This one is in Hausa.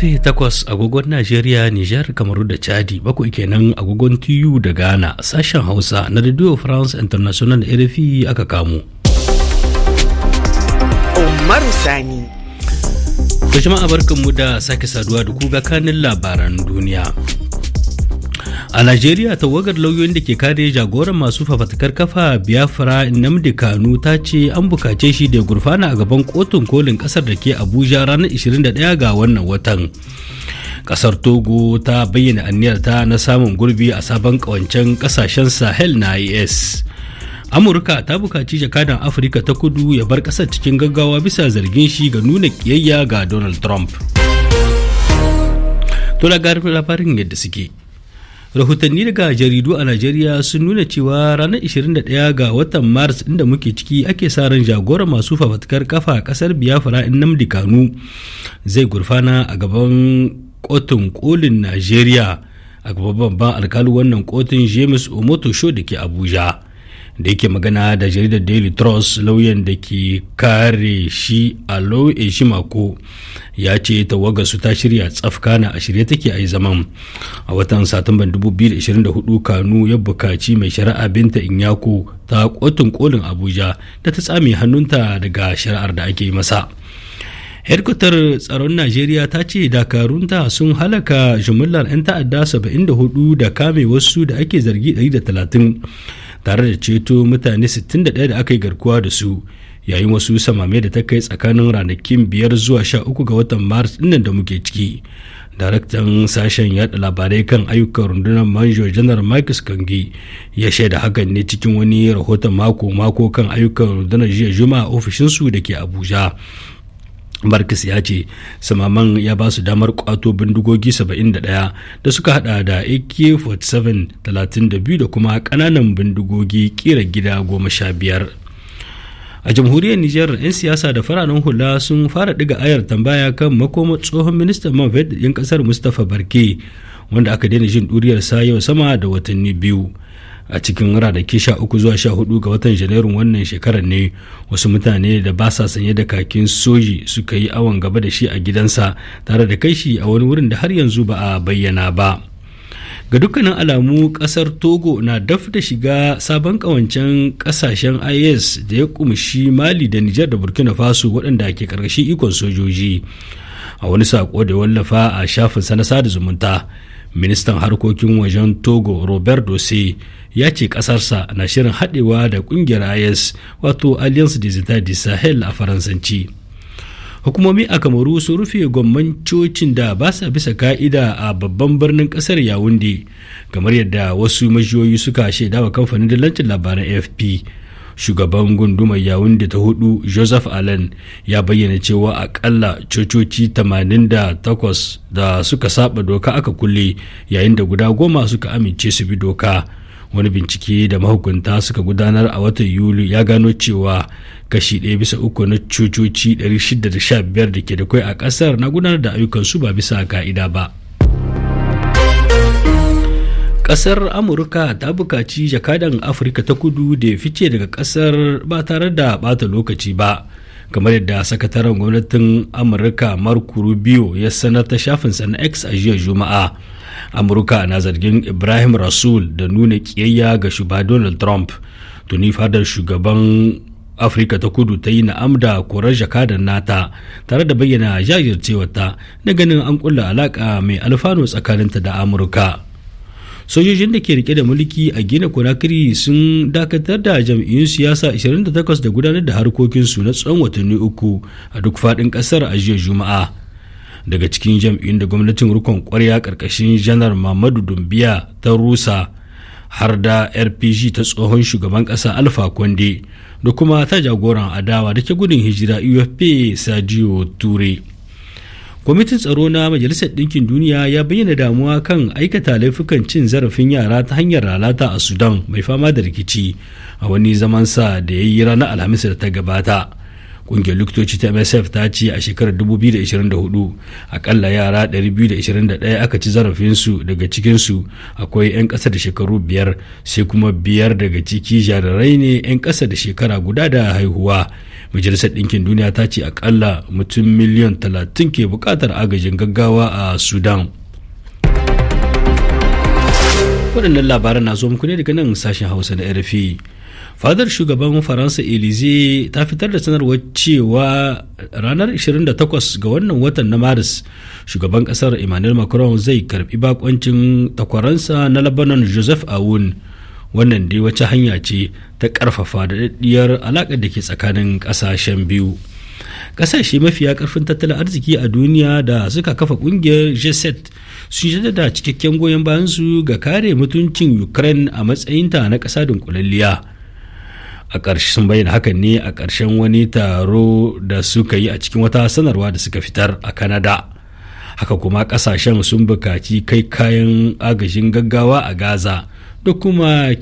karfe takwas, agogon Najeriya, Nijar, Kamaru da Chadi, bakwai kenan agogon TU da Ghana, sashen Hausa na Radio France International RFI aka kamo. Umar Sani. Ku jama'a barkanmu da sake saduwa da ku ga kanin labaran duniya. A Najeriya tawagar lauyoyin da ke kare jagoran masu fafatakar kafa Biafra namdi Kanu ta ce an bukace shi da gurfana a gaban kotun kolin kasar da ke Abuja ranar 21 ga wannan watan. Kasar Togo ta bayyana ta na samun gurbi a sabon kawancen kasashen Sahel na IS. Amurka ta bukaci jakadan Afirka ta kudu ya bar kasar cikin gaggawa bisa zargin shi ga nuna kiyayya ga Donald Trump. To labarin yadda suke. rahotanni daga jaridu a najeriya sun nuna cewa ranar 21 ga watan maris inda muke ciki ake sa ran jagoran masu fafatkar kafa a kasar biafra in namdi kanu zai gurfana a gaban kotun kolin najeriya a gaban babban alkalin wannan kotun james omoto show da ke abuja da yake magana da jaridar daily trust lauyan da ke kare shi a e shi mako ya ce tawagar su ta shirya tsafkana a shirye take a yi zaman a watan satumban 2024 kanu ya bukaci mai shari'a binta inyako ta kotun kolin abuja da ta tsami hannunta daga shari'ar da ake masa hedkwatar tsaron najeriya ta ce dakarunta sun halaka jumlar 'yan ta'adda 74 da kame wasu da ake zargi 130 tare da ceto mutane 61 da aka yi garkuwa da su yayin wasu samame da ta kai tsakanin ranakin biyar zuwa 13 ga watan maris dinnan da muke ciki daraktan sashen yada labarai kan ayyukan rundunar manjo janar marcus kangi ya shaida hakan ne cikin wani rahoton mako-mako kan ayyukan rundunar jiya juma'a ofishinsu da ke abuja barkis ya ce samaman ya ba su damar kwato bindigogi 71 da suka hada da ak-47 32 da kuma kananan bindigogi kira gida 15 a jamhuriyar nijar 'yan siyasa da fararen hula sun fara diga ayar tambaya kan makoma tsohon ministan man yan kasar mustapha barke wanda aka daina jin sa yau sama da watanni biyu a cikin ranaki sha uku zuwa sha hudu ga watan janairun wannan shekarar ne wasu mutane da ba sa sanye da kakin soji suka yi awon gaba da shi a gidansa tare da kai shi a wani wurin da har yanzu ba a bayyana ba ga dukkanin alamu kasar togo na daf da shiga sabon kawancen kasashen is da ya kumshi mali da nijar da burkina faso waɗanda ke karkashin ikon sojoji a wani sako da wallafa a shafinsa na sada zumunta ministan harkokin wajen togo robert dose ya ce kasarsa na shirin haɗewa da ƙungiyar is wato alliance digital de sahel a faransanci hukumomi a kamaru sun rufe gwamman da ba sa bisa ka'ida a babban birnin kasar yawunde kamar yadda wasu majiyoyi suka shaidawa kamfanin dillancin labaran afp shugaban gundumar yawun da ta hudu joseph allen ya bayyana cewa akalla cococi 88 da suka saba doka aka kulle yayin da guda goma suka amince su bi doka wani bincike da mahukunta suka gudanar a watan yuli ya gano cewa kashi ɗaya bisa uku na cococi 615 da ke da kwai a ƙasar na gudanar da ayyukan su ba bisa ka'ida ba Ƙasar Amurka ta bukaci jakadan Afirka ta kudu da ya fice daga ƙasar ba tare da bata lokaci ba. kamar yadda sakataren gwamnatin amurka mark rubio ya sanar ta shafin na x a jiya juma'a amurka na zargin ibrahim rasul da nuna kiyayya ga shugaba donald trump tuni fadar shugaban afirka ta kudu ta yi na'am da korar jakadan nata tare da bayyana jajircewarta na ganin an kulla alaka mai alfanu tsakaninta da amurka sojojin da ke rike da mulki a gina konakiri sun dakatar da jam'iyyun siyasa 28 da gudanar da harkokinsu na tsawon watanni uku a duk faɗin ƙasar a jiya juma'a daga cikin jam'iyyun da gwamnatin rukun kwarya ƙarƙashin janar mamadu dumbiya ta rusa har da rpg ta tsohon shugaban ƙasa alfa kwande da kuma ta jagoran adawa da ke gudun hijira ufp sadio ture kwamitin tsaro na majalisar ɗinkin duniya ya bayyana damuwa kan aikata laifukan cin zarafin yara ta hanyar lalata a sudan mai fama da rikici a wani zaman sa da ya yi ranar alhamis da ta gabata ƙungiyar likitoci ta msf ta ce a shekarar 2024 akalla yara 221 aka ci zarafinsu daga cikinsu akwai 'yan ƙasa da shekaru biyar sai kuma biyar daga ciki jarirai ne 'yan ƙasa da shekara guda da haihuwa majalisar ɗinkin duniya ta ce akalla mutum miliyan talatin ke buƙatar agajin gaggawa a sudan waɗannan labaran na zo muku ne daga nan sashen hausa na rfi fadar shugaban faransa elize ta fitar da sanarwar cewa ranar 28 ga wannan watan na maris shugaban kasar emmanuel macron zai karbi bakoncin takwaransa na lebanon joseph aoun wannan dai wata hanya ce ta ƙarfafa da alaƙar da ke tsakanin ƙasashen biyu ƙasashe mafiya ƙarfin tattalin arziki a duniya da suka kafa ƙungiyar g7 sun jaddada cikakken goyon bayan su ga kare mutuncin ukraine a matsayinta na ƙasa dunkulalliya a ƙarshen bayyana hakan ne a ƙarshen wani taro da suka yi a cikin wata sanarwa da suka fitar a kanada haka kuma ƙasashen sun bukaci kai kayan agajin gaggawa a gaza da kuma